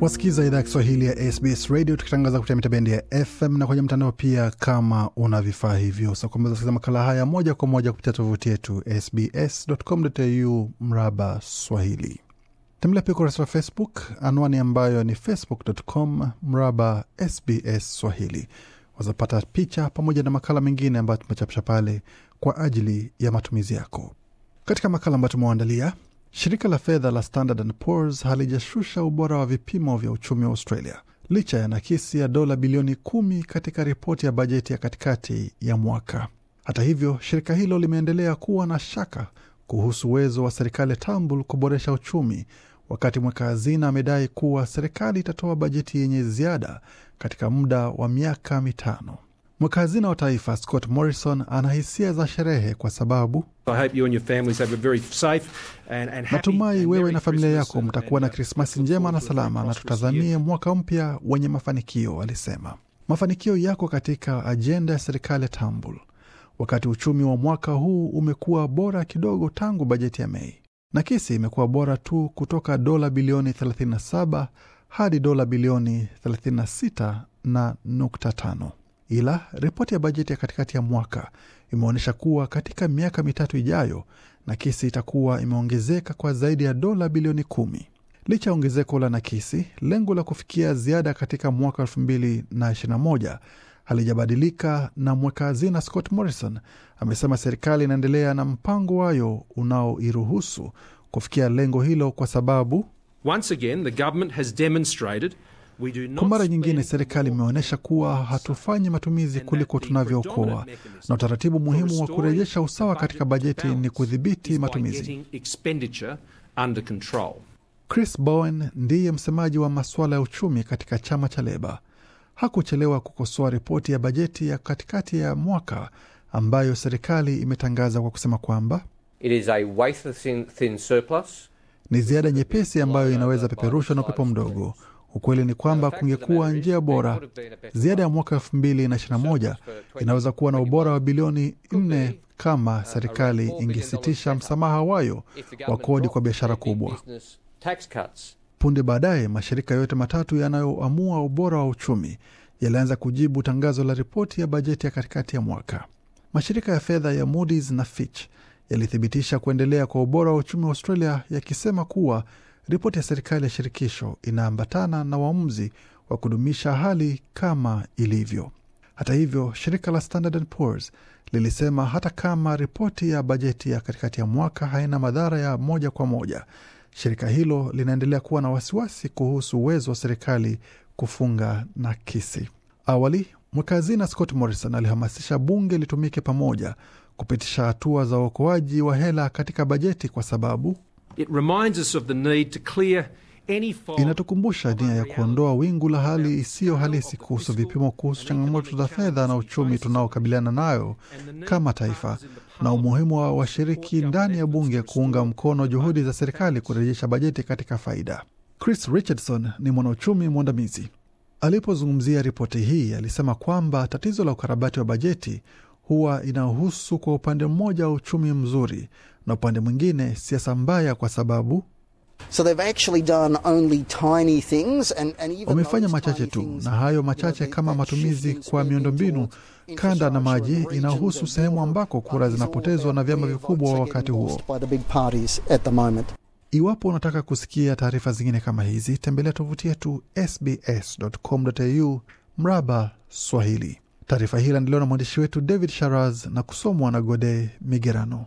Wasikiza idhaa ya Kiswahili ya SBS Radio tukitangaza kupitia mitabendi ya FM na kwenye mtandao pia, kama una vifaa hivyo sakumbeza kusikiza makala haya moja kwa moja kupitia tovuti yetu sbs.com.au mraba swahili. Tembelea pia ukurasa wa Facebook, anwani ambayo ni facebook.com mraba SBS Swahili. Wazapata picha pamoja na makala mengine ambayo tumechapisha pale kwa ajili ya matumizi yako. Katika makala ambayo tumewaandalia Shirika la fedha la Standard and Poor's halijashusha ubora wa vipimo vya uchumi wa Australia licha ya nakisi ya dola bilioni kumi katika ripoti ya bajeti ya katikati ya mwaka. Hata hivyo, shirika hilo limeendelea kuwa na shaka kuhusu uwezo wa serikali tambul kuboresha uchumi, wakati mweka hazina amedai kuwa serikali itatoa bajeti yenye ziada katika muda wa miaka mitano. Mweka wa taifa Scott Morrison ana hisia za sherehe kwa sababu natumai wewe na familia yako mtakuwa na uh, Krismasi njema na salama, na tutazamie mwaka mpya wenye mafanikio, alisema. Mafanikio yako katika ajenda ya serikali ya Tambul, wakati uchumi wa mwaka huu umekuwa bora kidogo tangu bajeti ya Mei, nakisi imekuwa bora tu kutoka dola bilioni 37 hadi dola bilioni 36 na nukta tano ila ripoti ya bajeti ya katikati ya mwaka imeonyesha kuwa katika miaka mitatu ijayo nakisi itakuwa imeongezeka kwa zaidi ya dola bilioni kumi. Licha ya ongezeko la nakisi, lengo la kufikia ziada katika mwaka 2021 halijabadilika, na mweka hazina Scott Morrison amesema serikali inaendelea na mpango wayo unaoiruhusu kufikia lengo hilo kwa sababu Once again, the government has demonstrated kwa mara nyingine, serikali imeonyesha kuwa hatufanyi matumizi kuliko tunavyookoa, na utaratibu muhimu wa kurejesha usawa katika bajeti ni kudhibiti matumizi. Chris Bowen ndiye msemaji wa masuala ya uchumi katika chama cha Leba. Hakuchelewa kukosoa ripoti ya bajeti ya katikati ya mwaka ambayo serikali imetangaza kwa kusema kwamba ni ziada nyepesi ambayo inaweza peperushwa na upepo mdogo. Ukweli ni kwamba kungekuwa njia bora. Ziada ya mwaka elfu mbili na ishirini na moja inaweza kuwa na ubora wa bilioni nne kama serikali ingesitisha msamaha wayo wa kodi kwa biashara kubwa. Punde baadaye, mashirika yote matatu yanayoamua ubora wa uchumi yalianza kujibu tangazo la ripoti ya bajeti ya katikati ya mwaka. Mashirika ya fedha ya Moody's na Fitch yalithibitisha kuendelea kwa ubora wa uchumi wa Australia yakisema kuwa Ripoti ya serikali ya shirikisho inaambatana na uamuzi wa kudumisha hali kama ilivyo. Hata hivyo, shirika la Standard and Poor's lilisema hata kama ripoti ya bajeti ya katikati ya mwaka haina madhara ya moja kwa moja, shirika hilo linaendelea kuwa na wasiwasi kuhusu uwezo wa serikali kufunga nakisi. Awali, mweka hazina Scott Morrison alihamasisha bunge litumike pamoja kupitisha hatua za uokoaji wa hela katika bajeti kwa sababu Inatukumbusha nia ya kuondoa wingu la hali isiyo halisi kuhusu vipimo kuhusu changamoto za fedha na uchumi tunaokabiliana nayo kama taifa na umuhimu wa washiriki ndani ya bunge kuunga mkono juhudi za serikali kurejesha bajeti katika faida. Chris Richardson ni mwanauchumi mwandamizi. Alipozungumzia ripoti hii, alisema kwamba tatizo la ukarabati wa bajeti huwa inahusu kwa upande mmoja wa uchumi mzuri na upande mwingine siasa mbaya, kwa sababu So wamefanya machache tu, na hayo machache kama matumizi kwa miundombinu, kanda na maji, inahusu sehemu ambako kura zinapotezwa na vyama vikubwa wakati huo. Iwapo unataka kusikia taarifa zingine kama hizi, tembelea tovuti yetu sbs.com.au mraba Swahili. Taarifa hii landiliwa na mwandishi wetu David Sharaz na kusomwa na Gode Migerano.